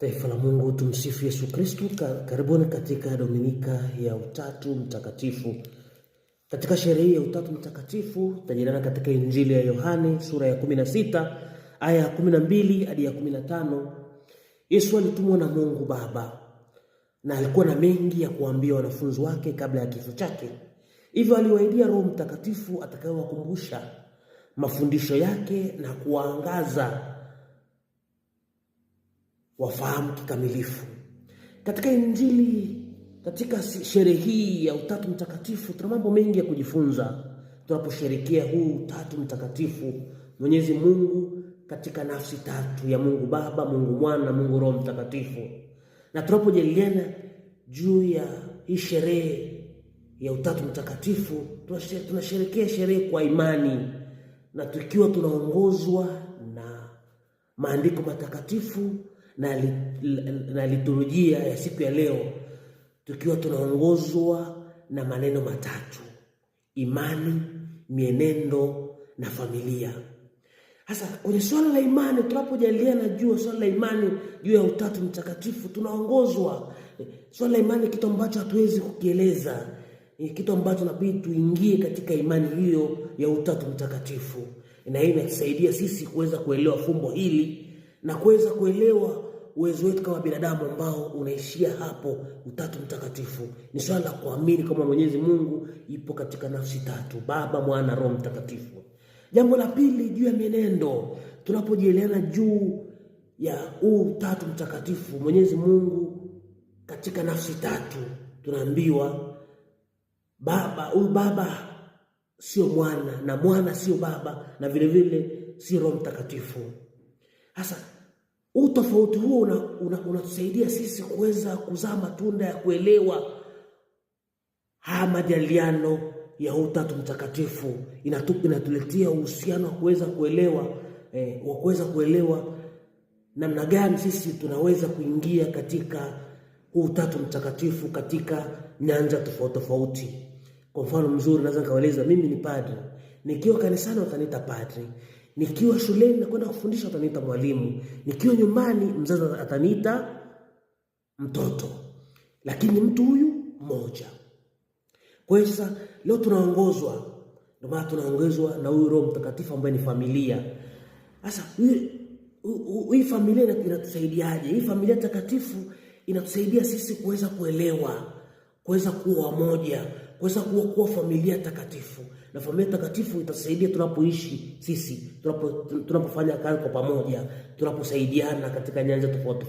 Taifa la Mungu, tumsifu Yesu kristo Karibuni katika Dominika ya Utatu Mtakatifu. Katika sherehe hii ya Utatu Mtakatifu tutajadiliana katika Injili ya Yohane sura ya 16 aya ya 12 hadi ya 15. Yesu alitumwa na Mungu Baba na alikuwa na mengi ya kuambia wanafunzi wake kabla ya kifo chake, hivyo aliwaidia Roho Mtakatifu atakayewakumbusha mafundisho yake na kuwaangaza wafahamu kikamilifu. Katika Injili, katika sherehe hii ya Utatu Mtakatifu tuna mambo mengi ya kujifunza tunaposherekea huu Utatu Mtakatifu, Mwenyezi Mungu katika nafsi tatu ya Mungu Baba, Mungu Mwana na Mungu Roho Mtakatifu, na tunapojadiliana juu ya hii sherehe ya Utatu Mtakatifu tunasherekea sherehe kwa imani na tukiwa tunaongozwa na maandiko matakatifu na, li, na liturujia ya siku ya leo tukiwa tunaongozwa na maneno matatu: imani, mienendo na familia. Sasa kwenye swala la imani, tunapojaliana juu swala la imani juu ya utatu mtakatifu tunaongozwa. Swala la imani kitu ambacho hatuwezi kukieleza, kitu ambacho nabidi tuingie katika imani hiyo ya utatu mtakatifu, na hii inatusaidia sisi kuweza kuelewa fumbo hili na kuweza kuelewa uwezo wetu kama binadamu ambao unaishia hapo. Utatu Mtakatifu ni swala la kuamini kama Mwenyezi Mungu ipo katika nafsi tatu, Baba, Mwana, Roho Mtakatifu. Jambo la pili juu ya mienendo, tunapojieleana juu ya huu Utatu Mtakatifu, Mwenyezi Mungu katika nafsi tatu, tunaambiwa Baba, huyu Baba sio Mwana na Mwana sio Baba na vilevile si Roho Mtakatifu. Sasa utofauti huo unatusaidia una, una sisi kuweza kuzaa matunda ya kuelewa haya majaliano ya Utatu Mtakatifu, inatuletea uhusiano wa kuweza kuelewa eh, wa kuweza kuelewa namna gani sisi tunaweza kuingia katika huu Utatu Mtakatifu katika nyanja tofauti tofauti. Kwa mfano mzuri, naweza nikaeleza mimi ni padri, nikiwa kanisani wakaniita padri nikiwa shuleni nakwenda kufundisha ataniita mwalimu, nikiwa nyumbani mzazi ataniita mtoto, lakini mtu huyu mmoja. Kwa hiyo sasa leo tunaongozwa, ndio maana tunaongozwa na huyu Roho Mtakatifu ambaye ni familia. Sasa hii familia inatusaidiaje? Hii familia takatifu inatusaidia sisi kuweza kuelewa, kuweza kuwa wamoja kuweza kuokoa familia takatifu, na familia takatifu itasaidia tunapoishi sisi, tunapofanya kazi kwa pamoja, tunaposaidiana katika nyanja tofauti.